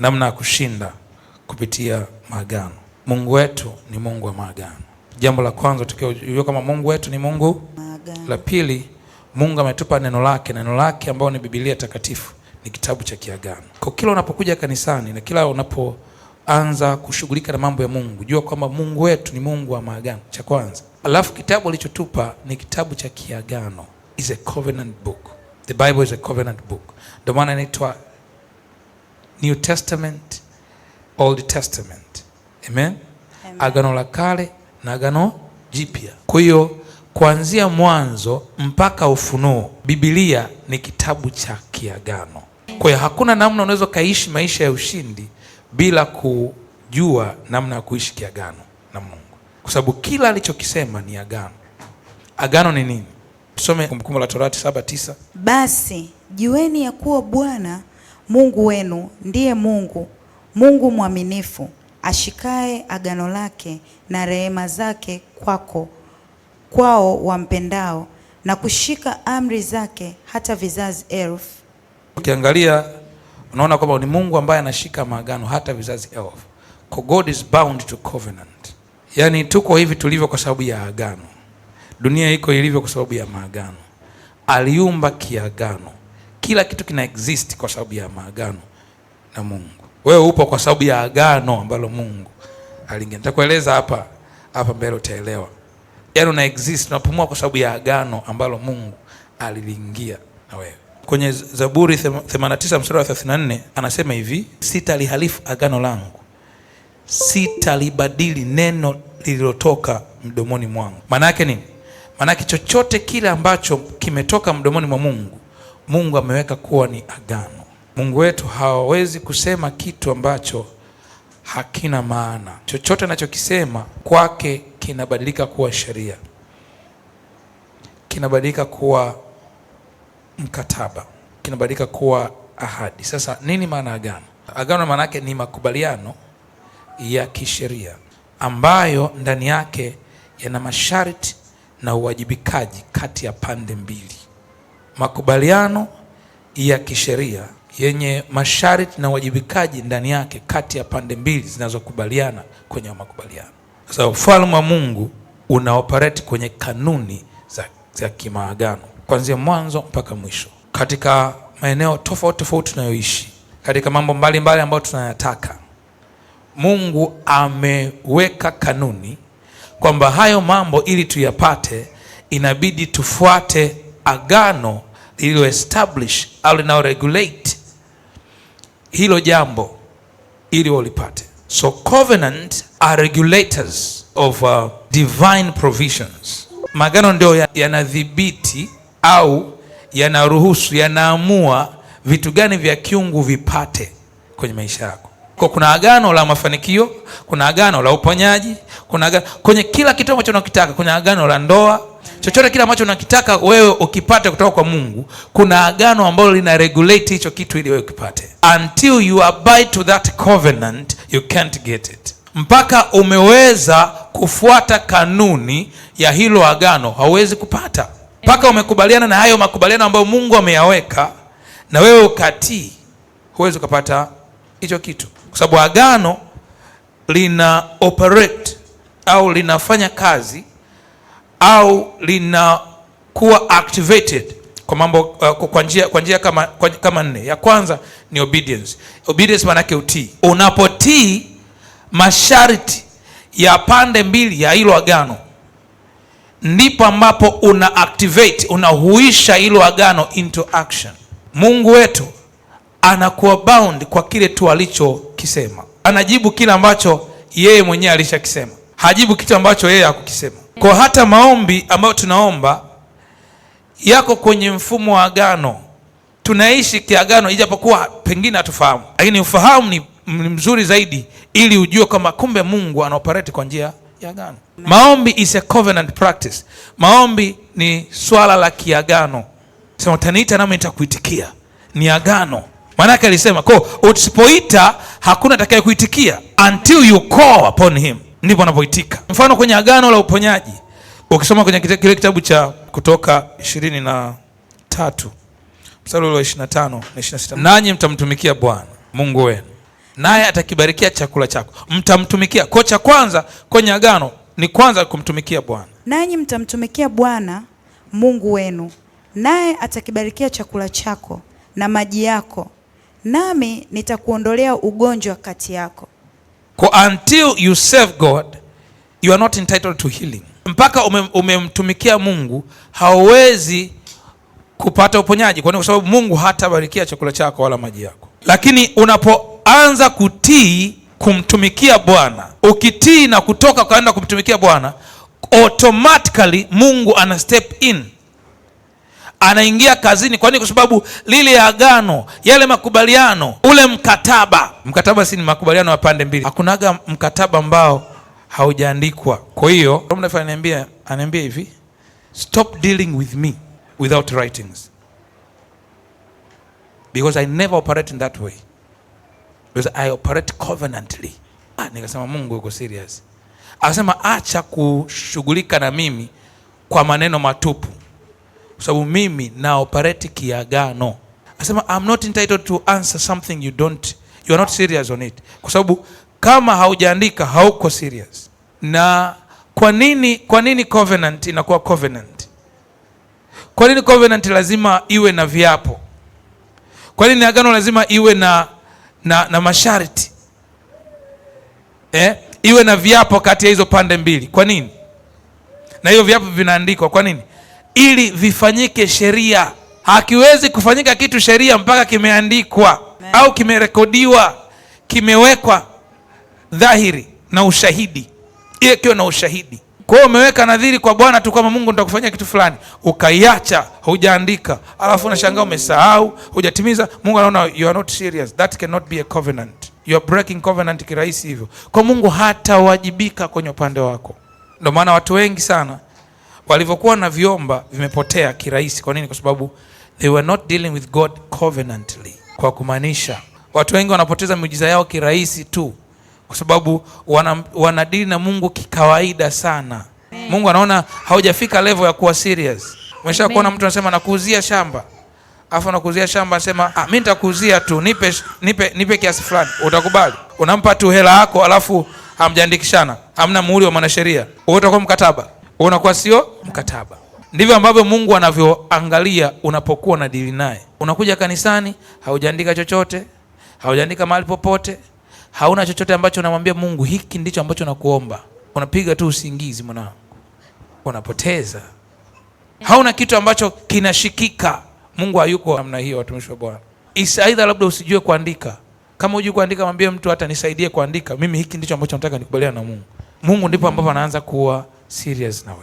namna ya kushinda kupitia maagano. Mungu wetu ni Mungu wa maagano. Jambo la kwanza tukiwa kama Mungu wetu ni Mungu maagano. La pili, Mungu ametupa neno lake, neno lake ambao ni Biblia takatifu ni kitabu cha kiagano. Kwa kila unapokuja kanisani na kila unapoanza kushughulika na mambo ya Mungu, jua kwamba Mungu wetu ni Mungu wa maagano, cha kwanza. Alafu kitabu alichotupa ni kitabu cha kiagano, is a covenant book. The Bible is a covenant book, ndio maana inaitwa New Testament, Old Testament. Amen? Amen. Agano la Kale na Agano Jipya. Kwa hiyo kuanzia Mwanzo mpaka Ufunuo, Biblia ni kitabu cha kiagano. Kwa hiyo hakuna namna unaweza ukaishi maisha ya ushindi bila kujua namna ya kuishi kiagano na Mungu, kwa sababu kila alichokisema ni agano. Agano ni nini? Tusome Kumbukumbu la Torati saba Basi jueni ya kuwa Bwana Mungu wenu ndiye Mungu, Mungu mwaminifu, ashikae agano lake na rehema zake kwako kwao wampendao na kushika amri zake hata vizazi elfu. Ukiangalia unaona kwamba ni Mungu ambaye anashika maagano hata vizazi elfu. God is bound to covenant. Yaani tuko hivi tulivyo kwa sababu ya agano. Dunia iko ilivyo kwa sababu ya maagano. Aliumba kiagano kila kitu kina exist kwa sababu ya maagano na Mungu. Wewe upo kwa sababu ya agano ambalo Mungu aliingia. Nitakueleza hapa hapa mbele utaelewa. Yaani una exist, unapumua kwa sababu ya agano ambalo Mungu aliliingia na wewe. Kwenye Zaburi 89 mstari wa 34 anasema hivi, sitalihalifu agano langu, sitalibadili neno lililotoka mdomoni mwangu. Maana yake nini? Maana chochote kile ambacho kimetoka mdomoni mwa Mungu Mungu ameweka kuwa ni agano. Mungu wetu hawawezi kusema kitu ambacho hakina maana. Chochote anachokisema kwake kinabadilika kuwa sheria, kinabadilika kuwa mkataba, kinabadilika kuwa ahadi. Sasa nini maana agano? Agano maana yake ni makubaliano ya kisheria ambayo ndani yake yana masharti na uwajibikaji kati ya pande mbili makubaliano ya kisheria yenye masharti na uwajibikaji ndani yake kati ya pande mbili zinazokubaliana kwenye makubaliano. Sasa ufalme wa Mungu una operate kwenye kanuni za, za kimaagano kuanzia mwanzo mpaka mwisho, katika maeneo tofauti tofauti tunayoishi, katika mambo mbalimbali ambayo tunayataka. Mungu ameweka kanuni kwamba hayo mambo ili tuyapate inabidi tufuate agano lililo establish au linao regulate hilo jambo ili walipate. So covenant are regulators of uh, divine provisions. Magano ndio yanadhibiti ya au yanaruhusu yanaamua vitu gani vya kiungu vipate kwenye maisha yako. Kwa kuna agano la mafanikio, kuna agano la uponyaji, kuna agano kwenye kila kitu ambacho unakitaka, kuna agano la ndoa Chochote kile ambacho unakitaka wewe ukipate kutoka kwa Mungu, kuna agano ambalo lina regulate hicho kitu ili wewe ukipate. Until you abide to that covenant, you can't get it. Mpaka umeweza kufuata kanuni ya hilo agano, hauwezi kupata. Mpaka umekubaliana na hayo makubaliano ambayo Mungu ameyaweka na wewe ukatii, huwezi ukapata hicho kitu, kwa sababu agano lina operate au linafanya kazi au linakuwa activated kwa mambo uh, kwa njia kwa njia kama kama nne. Ya kwanza ni obedience. Obedience maana yake utii. Unapotii masharti ya pande mbili ya hilo agano, ndipo ambapo una activate, unahuisha hilo agano into action. Mungu wetu anakuwa bound kwa kile tu alichokisema, anajibu kile ambacho yeye mwenyewe alishakisema, hajibu kitu ambacho yeye hakukisema. Kwa hata maombi ambayo tunaomba yako kwenye mfumo wa agano, tunaishi kiagano, ijapokuwa pengine hatufahamu, lakini ufahamu ni mzuri zaidi, ili ujue kwamba kumbe Mungu anaoperate kwa njia ya agano. Maombi is a covenant practice. Maombi ni swala la kiagano, sema utaniita nami nitakuitikia, ni agano. Maanake alisema ko usipoita hakuna atakayekuitikia kuitikia until you call upon him ndipo anapoitika. Mfano kwenye agano la uponyaji, ukisoma kwenye kile kitabu cha Kutoka ishirini na tatu mstari wa ishirini na tano na ishirini na sita nanyi mtamtumikia Bwana Mungu wenu naye atakibarikia chakula chako. Mtamtumikia ko cha kwanza kwenye agano ni kwanza kumtumikia Bwana. Nanyi mtamtumikia Bwana Mungu wenu naye atakibarikia chakula chako na maji yako, nami nitakuondolea ugonjwa kati yako. Kwa until you serve God, you are not entitled to healing. Mpaka umemtumikia ume Mungu hauwezi kupata uponyaji, kwani kwa sababu Mungu hatabarikia chakula chako wala maji yako. Lakini unapoanza kutii kumtumikia Bwana, ukitii na kutoka ukaenda kumtumikia Bwana, automatically Mungu ana step in anaingia kazini. Kwa nini? kwa sababu lile agano, yale makubaliano, ule mkataba, mkataba si ni makubaliano ya pande mbili? Hakunaga mkataba ambao haujaandikwa. Kwa hiyo ananiambia ananiambia hivi, stop dealing with me without writings because I never operate in that way because I operate covenantly. Ah, nikasema Mungu yuko serious. Anasema acha kushughulika na mimi kwa maneno matupu kwa sababu mimi na operate kiagano. Asema I'm not entitled to answer something you don't you are not serious on it, kwa sababu kama haujaandika hauko serious. Na kwa nini, kwa nini covenant inakuwa covenant? Kwa nini covenant lazima iwe na viapo? Kwa nini agano lazima iwe na, na, na masharti eh? Iwe na viapo kati ya hizo pande mbili. Kwa nini? Na hiyo viapo vinaandikwa kwa nini? ili vifanyike sheria. Hakiwezi kufanyika kitu sheria mpaka kimeandikwa au kimerekodiwa, kimewekwa dhahiri na ushahidi, ile kiwa na ushahidi. Kwa hiyo umeweka nadhiri kwa Bwana tu kama Mungu nitakufanyia kitu fulani, ukaiacha hujaandika, alafu unashangaa umesahau, hujatimiza. Mungu anaona you are not serious, that cannot be a covenant, you are breaking covenant kirahisi hivyo. Kwa Mungu hatawajibika kwenye upande wako. Ndio maana watu wengi sana walivyokuwa na viomba vimepotea kirahisi. Kwa nini? Kwa sababu they were not dealing with God covenantly, kwa kumaanisha watu wengi wanapoteza miujiza yao kirahisi tu kwa sababu wana, na Mungu kikawaida sana. Amen. Mungu anaona haujafika level ya kuwa serious. Umesha kuona mtu anasema nakuuzia shamba, alafu nakuuzia shamba anasema ah, mimi nitakuuzia tu nipe, nipe, nipe kiasi fulani, utakubali? Unampa tu hela yako, alafu hamjaandikishana, hamna muhuri wa mwanasheria, utakuwa mkataba unakuwa sio mkataba. Ndivyo ambavyo Mungu anavyoangalia unapokuwa na dili naye. Unakuja kanisani, haujaandika chochote, haujaandika mahali popote, hauna chochote ambacho unamwambia Mungu, hiki ndicho ambacho nakuomba. Unapiga tu usingizi mwanangu, unapoteza, hauna kitu ambacho kinashikika. Mungu hayuko namna hiyo, watumishi wa Bwana. Aidha labda usijue kuandika. Kama hujui kuandika, mwambie mtu hata nisaidie kuandika, mimi hiki ndicho ambacho nataka nikubaliana na Mungu. Mungu ndipo ambapo anaanza kuwa serious now.